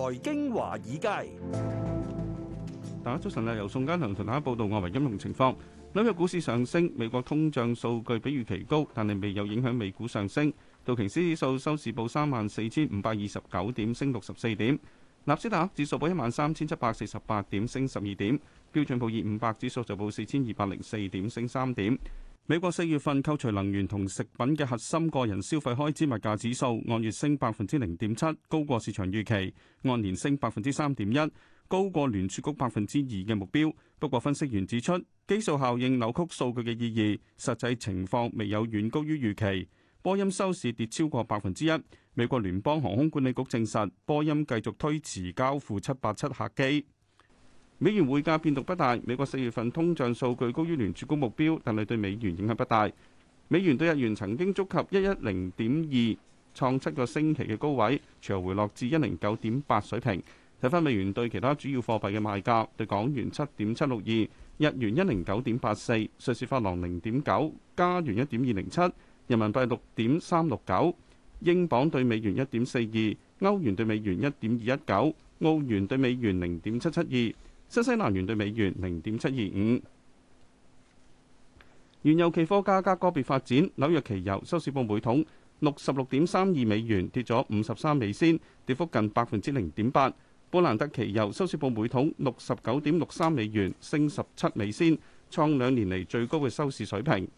財經華爾街，大家早晨啊！由宋嘉良同大家報道外圍金融情況。紐約股市上升，美國通脹數據比預期高，但係未有影響美股上升。道瓊斯指數收市報三萬四千五百二十九點，升六十四點；納斯達克指數報一萬三千七百四十八點，升十二點；標準普爾五百指數就報四千二百零四點，升三點。美國四月份扣除能源同食品嘅核心個人消費開支物價指數按月升百分之零點七，高過市場預期，按年升百分之三點一，高過聯儲局百分之二嘅目標。不過分析員指出，基數效應扭曲數據嘅意義，實際情況未有遠高於預期。波音收市跌超過百分之一。美國聯邦航空管理局證實，波音繼續推遲交付七八七客機。美元匯價變動不大，美國四月份通脹數據高於聯儲局目標，但係對美元影響不大。美元對日元曾經觸及一一零點二，創七個星期嘅高位，隨後回落至一零九點八水平。睇返美元對其他主要貨幣嘅賣價，對港元七點七六二，日元一零九點八四，瑞士法郎零點九，加元一點二零七，人民幣六點三六九，英鎊對美元一點四二，歐元對美元一點二一九，澳元對美元零點七七二。新西蘭元兌美元零點七二五，原油期貨價格個別發展。紐約期油收市報每桶六十六點三二美元，跌咗五十三美仙，跌幅近百分之零點八。布蘭德期油收市報每桶六十九點六三美元，升十七美仙，創兩年嚟最高嘅收市水平。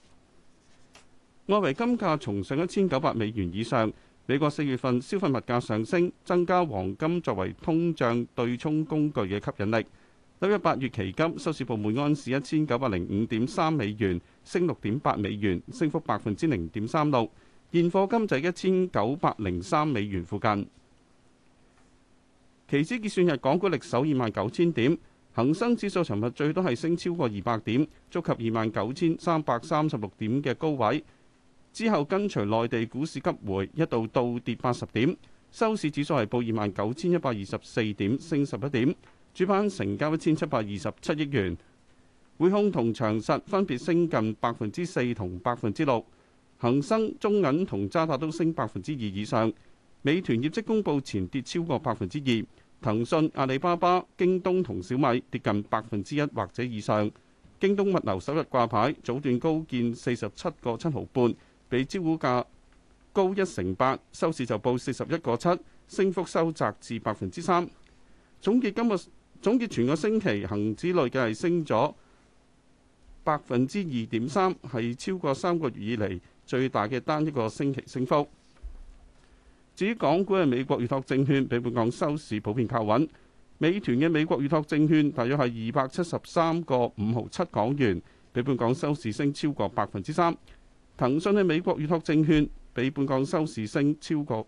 外圍金價重上一千九百美元以上。美國四月份消費物價上升，增加黃金作為通脹對沖工具嘅吸引力。周一八月期金收市報每安士一千九百零五點三美元，升六點八美元，升幅百分之零點三六。現貨金就一千九百零三美元附近。期指結算日，港股力守二萬九千點，恒生指數尋日最多係升超過二百點，觸及二萬九千三百三十六點嘅高位。之後跟隨內地股市急回，一度倒跌八十點，收市指數係報二萬九千一百二十四點，升十一點。主板成交一千七百二十七億元，匯控同長實分別升近百分之四同百分之六，恒生中銀同渣打都升百分之二以上。美團業績公佈前跌超過百分之二，騰訊、阿里巴巴、京東同小米跌近百分之一或者以上。京東物流首日掛牌，早段高見四十七個七毫半，比招股價高一成八，收市就報四十一個七，升幅收窄至百分之三。總結今日。總結全個星期恒指累計係升咗百分之二點三，係超過三個月以嚟最大嘅單一個星期升幅。至於港股嘅美國預託證券，比本港收市普遍靠穩。美團嘅美國預託證券大約係二百七十三個五毫七港元，比本港收市升超過百分之三。騰訊嘅美國預託證券比本港收市升超過，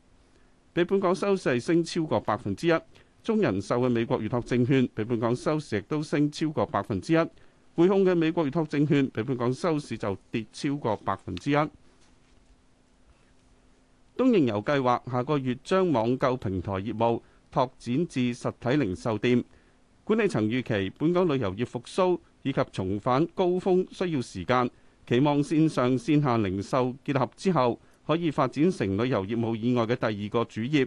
比本港收市升超過百分之一。中人壽嘅美國預託證券，比本港收市亦都升超過百分之一。匯控嘅美國預託證券，比本港收市就跌超過百分之一。東瀛遊計劃下個月將網購平台業務拓展至實體零售店。管理層預期本港旅遊業復甦以及重返高峰需要時間，期望線上線下零售結合之後，可以發展成旅遊業務以外嘅第二個主業。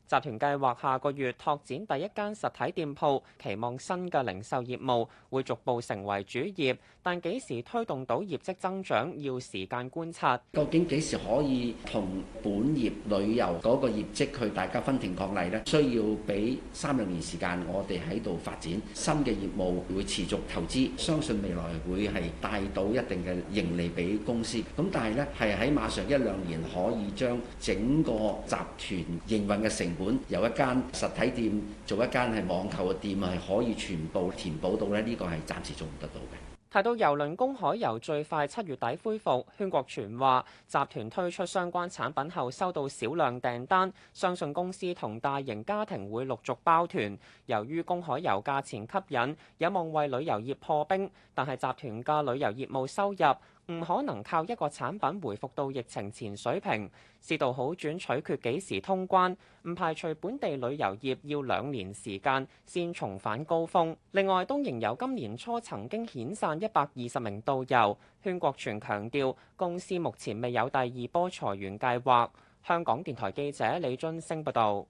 集團計劃下個月拓展第一間實體店鋪，期望新嘅零售業務會逐步成為主業，但幾時推動到業績增長要時間觀察。究竟幾時可以同本業旅遊嗰個業績去大家分庭抗禮咧？需要俾三兩年時間，我哋喺度發展新嘅業務會持續投資，相信未來會係帶到一定嘅盈利俾公司。咁但係咧，係喺馬上一兩年可以將整個集團營運嘅成由一間實體店做一間係網購嘅店，係可以全部填補到咧。呢、這個係暫時做唔得到嘅。提到郵輪公海遊，最快七月底恢復，圈國全話集團推出相關產品後收到少量訂單，相信公司同大型家庭會陸續包團。由於公海遊價錢吸引，有望為旅遊業破冰，但係集團嘅旅遊業務收入。唔可能靠一個產品回復到疫情前水平，市道好轉取決幾時通關，唔排除本地旅遊業要兩年時間先重返高峰。另外，東瀛有今年初曾經遣散一百二十名導遊，勸國全強調公司目前未有第二波裁員計劃。香港電台記者李津升報道。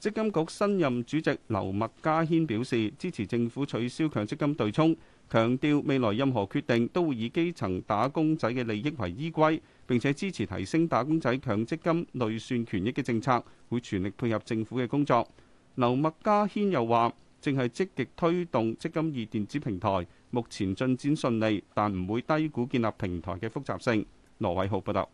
積金局新任主席劉麥嘉軒表示支持政府取消強積金對沖，強調未來任何決定都會以基層打工仔嘅利益為依歸，並且支持提升打工仔強積金累算權益嘅政策，會全力配合政府嘅工作。劉麥嘉軒又話，正係積極推動積金二電子平台，目前進展順利，但唔會低估建立平台嘅複雜性。羅偉浩報道。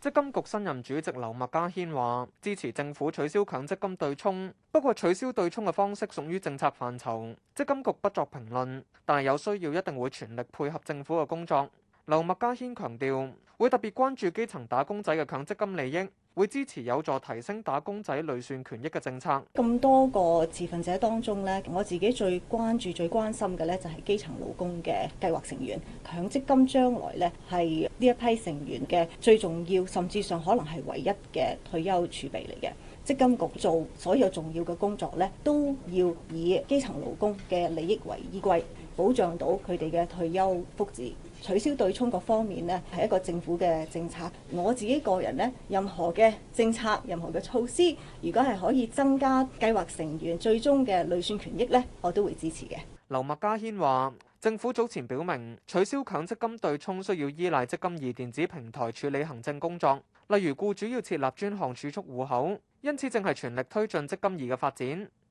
積金局新任主席劉麥嘉軒話：支持政府取消強積金對沖，不過取消對沖嘅方式屬於政策範疇，積金局不作評論，但係有需要一定會全力配合政府嘅工作。劉麥嘉軒強調，會特別關注基層打工仔嘅強積金利益，會支持有助提升打工仔累算權益嘅政策。咁多個自奮者當中呢，我自己最關注、最關心嘅呢，就係基層勞工嘅計劃成員，強積金將來呢，係呢一批成員嘅最重要，甚至上可能係唯一嘅退休儲備嚟嘅。積金局做所有重要嘅工作咧，都要以基層勞工嘅利益為依歸，保障到佢哋嘅退休福祉。取消對沖各方面呢，係一個政府嘅政策。我自己個人呢，任何嘅政策、任何嘅措施，如果係可以增加計劃成員最終嘅累算權益呢，我都會支持嘅。劉麥嘉軒話：政府早前表明，取消強積金對沖需要依賴積金易電子平台處理行政工作，例如僱主要設立專項儲蓄戶口。因此，正係全力推進積金易嘅發展，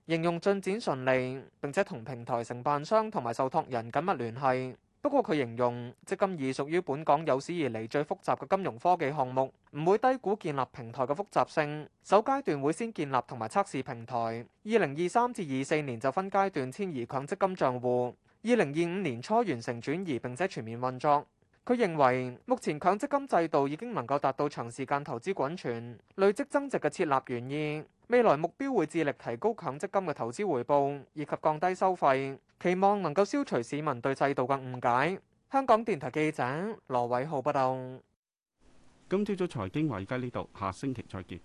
應用進展順利，並且同平台承辦商同埋受託人緊密聯繫。不過，佢形容積金易屬於本港有史以嚟最複雜嘅金融科技項目，唔會低估建立平台嘅複雜性。首階段會先建立同埋測試平台，二零二三至二四年就分階段遷移強積金賬戶，二零二五年初完成轉移並且全面運作。佢認為，目前強積金制度已經能夠達到長時間投資滾存、累積增值嘅設立原意。未來目標會致力提高強積金嘅投資回報，以及降低收費，期望能夠消除市民對制度嘅誤解。香港電台記者羅偉浩報道。今朝早財經華爾街呢度，下星期再見。